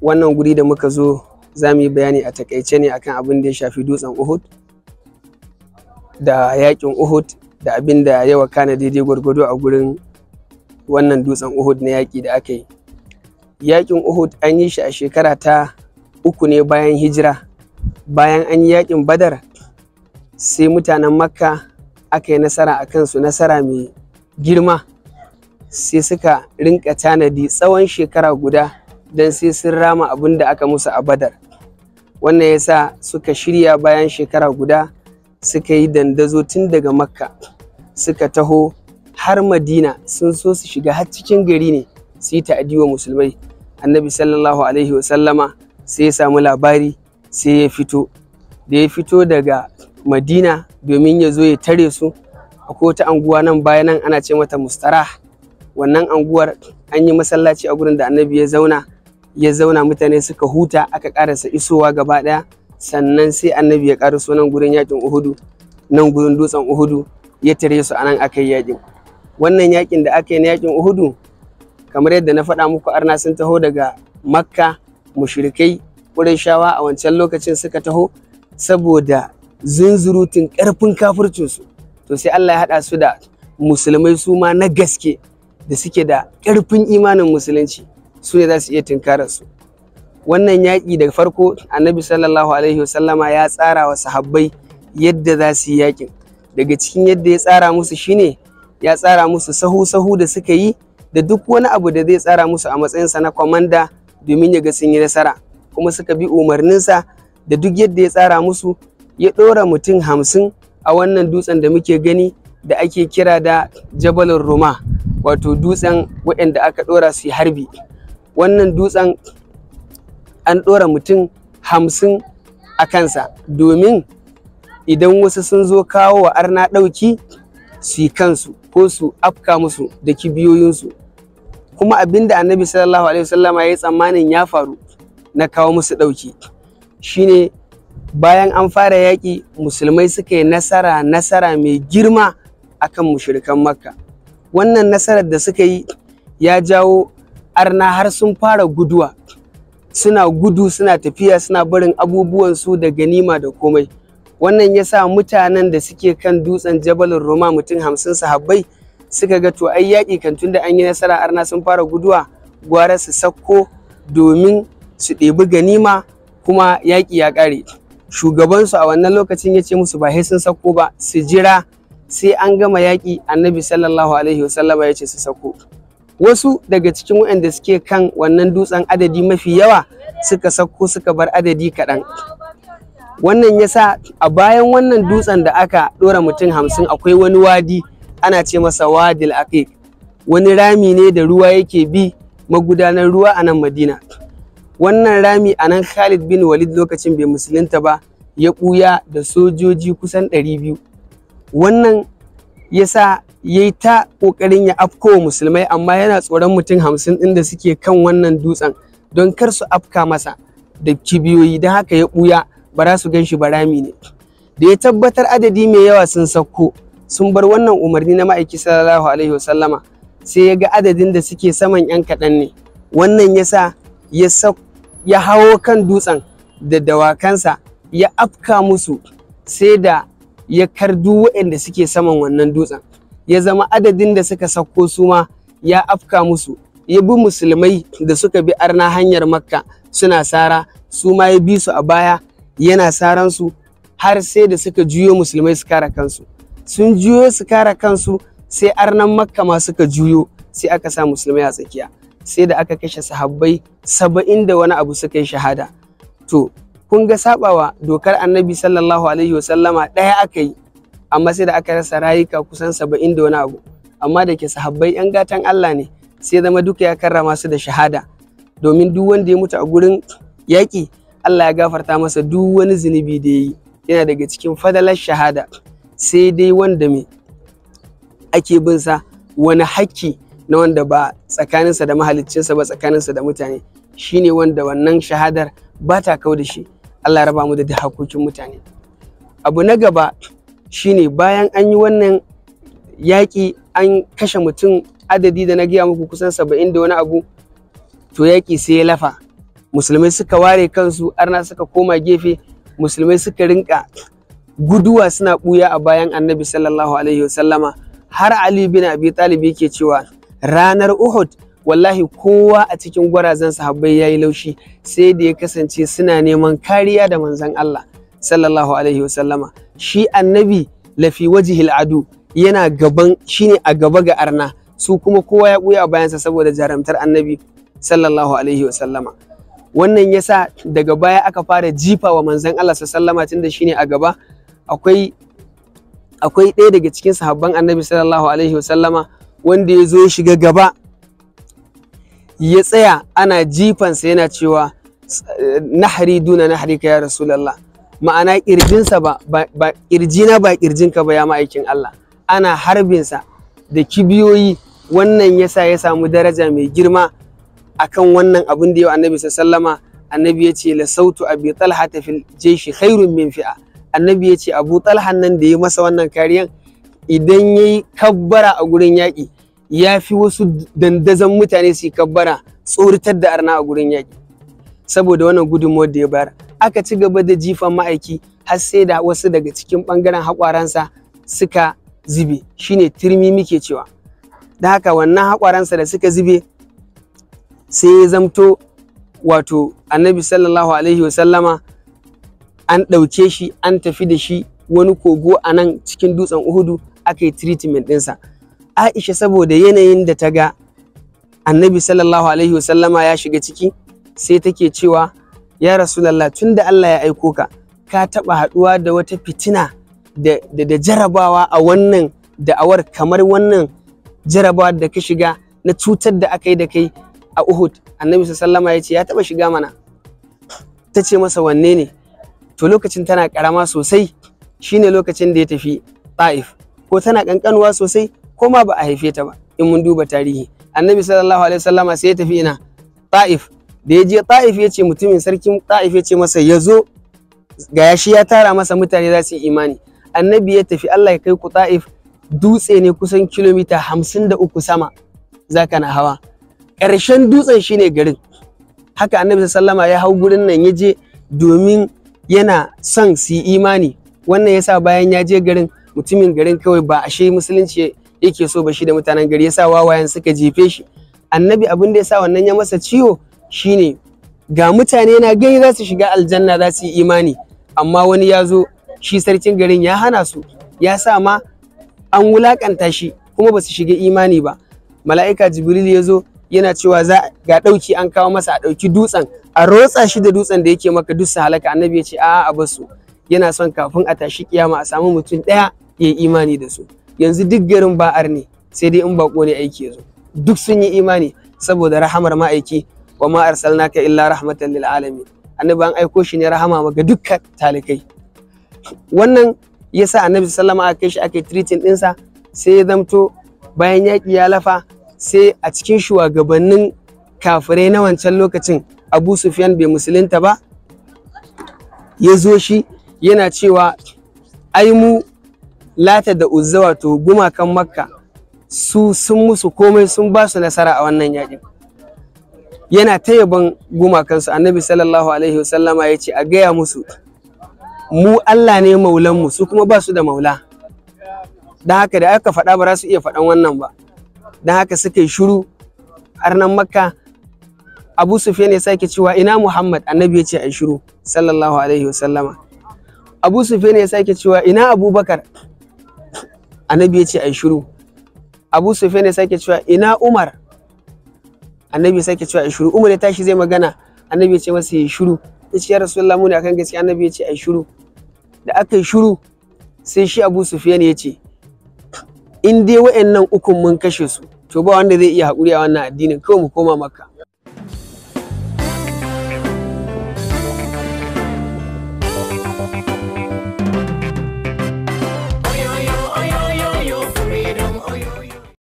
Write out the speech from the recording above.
wannan guri da muka zo za mu yi bayani a takaice ne akan abin da ya shafi dutsen uhud da yakin uhud da abin da ya kana daidai gwargwado a gurin wannan dutsen uhud na yaƙi da aka yi Yaƙin uhud an yi shi a shekara ta uku ne bayan hijira bayan an yi yakin badar sai mutanen makka aka yi nasara a kansu nasara mai girma sai suka rinka tanadi tsawon shekara guda don sai sun rama abin da aka musu a badar wannan ya sa suka shirya bayan shekara guda suka yi dandazo tun daga makka suka taho har madina sun so su shiga har cikin gari ne su yi ta'adi wa musulmai annabi sallallahu alaihi wasallama sai ya samu labari sai ya fito da ya fito daga madina domin ya zo ya tare su akwai wata anguwa nan bayanan ana ce mata mustara wannan anguwar an yi masallaci a gurin da annabi ya zauna ya zauna mutane suka huta aka karasa isowa gaba daya sannan sai annabi ya karaso nan gurin yakin uhudu nan gurin dutsen uhudu ya tare su anan aka yi yakin wannan yakin da aka yi na yakin uhudu kamar yadda na faɗa muku arna sun taho daga makka mushrikai shawa a wancan lokacin suka taho saboda zunzurutun ƙarfin kafircinsu to sai Allah ya haɗa su da musulmai su ma na gaske da suke da ƙarfin imanin musulunci su ne za su iya tunkarar su wannan yaƙi daga farko annabi sallallahu alaihi wasallama ya tsara wa sahabbai yadda za su yi yaƙin daga cikin yadda ya tsara musu shine ya tsara musu sahu-sahu da suka yi da duk wani abu da zai tsara musu a matsayinsa na kwamanda domin ya ga sun yi nasara kuma suka bi umarninsa da duk yadda ya tsara musu ya ɗora mutum hamsin a wannan dutsen da muke gani da ake kira da jabalin roma wato dutsen waɗanda aka ɗora su yi harbi wannan dutsen an ɗora mutum hamsin a kansa domin idan wasu sun zo kawo wa arna ɗauki su yi kansu ko su afka musu da kibiyoyinsu kuma abin da annabi sallallahu alaihi wasallam ya yi tsammanin ya faru na kawo musu ɗauki shine bayan an fara yaƙi musulmai suka yi nasara nasara mai girma akan mushrikan makka wannan nasarar da suka yi ya jawo arna har sun fara guduwa suna gudu suna tafiya suna barin abubuwansu da ganima da komai wannan ya sa mutanen da suke kan dutsen jabalin roma mutum hamsin sahabbai suka ga to ai yaƙi kan tunda an yi nasara arna sun fara guduwa gwara su sakko domin su ɗebi ganima kuma yaƙi ya ƙare shugabansu a wannan lokacin ya ce musu ba sai sun sakko ba su jira sai an gama yaƙi annabi sallallahu alaihi wasallama ya ce su sakko wasu daga cikin waɗanda suke kan wannan dutsen adadi mafi yawa suka sauko suka bar adadi kaɗan wannan ya sa a bayan wannan dutsen da aka ɗora mutum hamsin akwai wani wadi ana ce masa wadil aqiq wani rami ne da ruwa yake bi magudanar ruwa a nan madina wannan rami a nan khalid bin walid lokacin bai musulunta ba ya ɓuya da sojoji kusan 200 wannan ya sa ya yi ta ƙoƙarin ya afko wa musulmai amma yana tsoron mutum hamsin ɗin da suke kan wannan dutsen don kar su afka masa da kibiyoyi don haka ya ɓuya ba za su gan shi barami ne da ya tabbatar adadi mai yawa sun sauko sun bar wannan umarni na ma'aiki sallallahu alaihi wasallama sai ya ga adadin da suke saman yan kaɗan ne wannan ya sa ya hawo kan dutsen da dawakansa ya afka musu sai da ya duk waɗanda suke saman wannan dutsen ya zama adadin da suka sauko su ma ya afka musu ya bi musulmai da suka bi arna hanyar makka suna sara su ma ya bi su a baya yana saran su har sai da suka juyo musulmai su kara kansu sun juyo su kara kansu sai arnan makka ma suka juyo sai aka sa musulmai a tsakiya sai da aka kashe sahabbai saba'in da wani abu suka yi shahada to kun ga sabawa dokar annabi sallallahu alaihi wasallama ɗaya aka yi amma sai da aka rasa rayuka kusan saba'in da wani abu amma da ke sahabbai yan gatan Allah ne sai zama duka ya karrama su da shahada domin duk wanda ya mutu a gurin yaƙi Allah ya gafarta masa duk wani zunubi da ya yi yana daga cikin fadalar shahada sai dai wanda me ake bin sa wani hakki na wanda ba tsakaninsa da mahaliccinsa ba tsakaninsa da mutane shine wanda wannan shahadar ba ta kau da shi Allah raba mu da hakokin mutane abu na gaba shine bayan an yi wannan yaƙi an kashe mutum adadi da na gaya muku kusan saba'in da wani abu to yaƙi sai ya lafa musulmai suka ware kansu arna suka koma gefe musulmai suka rinka guduwa suna ɓuya a bayan annabi sallallahu alaihi wasallama har ali bin abi talib yake cewa ranar uhud wallahi kowa a cikin gwarazan sahabbai yayi laushi sai da ya kasance suna neman kariya da manzon Allah sallallahu alaihi wasallama shi annabi lafi wajihil adu yana gaban shine a gaba ga arna su kuma kowa ya buya a bayansa saboda jaramtar annabi sallallahu alaihi wa sallama wannan yasa daga baya aka fara jifa wa manzon Allah sallama shine a gaba akwai ɗaya daga cikin sahabban annabi sallallahu alaihi wa sallama wanda ya zo ya shiga gaba ya tsaya ana jifansa yana cewa nahari duna nahari ka ya rasulallah ma'ana ƙirjinsa ba ba ƙirjina ba ƙirjinka ba ya ma'aikin Allah ana harbinsa da kibiyoyi wannan yasa ya samu daraja mai girma akan wannan abin da yau annabi sallama annabi ya ce la sautu abi talha ta fil jeshi khairun min fi'a annabi ya ce abu talha nan da ya masa wannan kariyan idan ya yi kabbara a gurin yaƙi ya fi wasu dandazan mutane su kabbara tsoratar da arna a gurin yaki saboda wannan gudunmawar da ya bayar aka ci gaba da jifan ma'aiki har sai da wasu daga cikin ɓangaren haƙwaransa suka zube shine turmi muke cewa da haka wannan haƙwaransa da suka zube sai ya zamto wato annabi sallallahu alaihi wasallama an ɗauke shi an tafi da shi wani kogo a nan cikin dutsen uhudu aka yi treatment ɗinsa aisha saboda yanayin da ta ga annabi sallallahu alaihi wasallama ya shiga ciki sai take cewa ya rasulallah tun da Allah ya aiko ka ka taɓa haɗuwa da wata fitina da, jarabawa a wannan da'awar kamar wannan jarabawa da ka shiga na cutar da aka yi da kai a Uhud annabi sallama ya ce ya taɓa shiga mana ta ce masa wanne ne to lokacin tana karama sosai shine lokacin da ya tafi ta'if ko tana kankanuwa sosai ko ma ba a haife ta ba in mun duba tarihi annabi sallallahu alaihi wasallama sai ya tafi ina ta'if da ya je ta'if ya ce mutumin sarkin ta'if ya ce masa ya zo ga shi ya tara masa mutane za su yi imani annabi ya tafi Allah ya kai ku ta'if dutse ne kusan kilomita hamsin da uku sama za ka na hawa ƙarshen dutsen shine garin haka annabi sallama ya hau gurin nan ya je domin yana son su yi imani wannan yasa bayan ya je garin mutumin garin kawai ba ashe musulunci yake so ba shi da mutanen gari yasa wawayen suka jefe shi annabi abin da sa wannan ya masa ciwo shine ga mutane na gani za su shiga aljanna za su yi imani amma wani ya zo shi sarkin garin ya hana su ya sa ma an wulakanta shi kuma ba su shiga imani ba mala'ika jibril ya zo yana cewa za ga ɗauki an kawo masa a ɗauki dutsen a rotsa shi da dutsen da yake maka duk su halaka annabi ya ce a a su. yana son kafin a tashi kiyama a samu mutum ɗaya ya yi imani da su yanzu duk garin ba'ar ne sai dai in bako ne aiki ya zo duk sun yi imani saboda rahamar ma'aiki wa ma arsalnaka illa rahmatan lil alamin annabi an aiko shi ne rahama ga dukkan talikai wannan yasa annabi sallama aka kai shi ake treating ɗinsa sai ya zamto bayan yaƙi ya lafa sai a cikin shugabannin kafirai na wancan lokacin abu sufyan bai musulunta ba ya zo shi yana cewa ai mu lata da uzza wato gumakan makka su sun musu komai sun ba su nasara a wannan yaƙin yana ta yaban gumakansu annabi sallallahu alaihi wasallama ya ce a gaya musu mu Allah ne maulanmu su kuma ba su da maula don haka da aka faɗa ba za su iya faɗan wannan ba don haka suka yi shuru arnan makka abu sufyan ya sake cewa ina muhammad annabi ya ce a shiru sallallahu alaihi wasallama abu sufyan ya sake cewa ina abubakar annabi ya ce a shiru abu sufyan ya sake cewa ina umar annabi sake cewa ai shiru umar ya tashi zai magana annabi ya ce masa ya shiru ya ce ya rasulullah muni akan gaskiya annabi ya ce ai shiru da aka yi shiru sai shi abu sufyan ya ce in dai wa'annan ukun mun kashe su to ba wanda zai iya haƙuri a wannan addinin kawai mu koma makka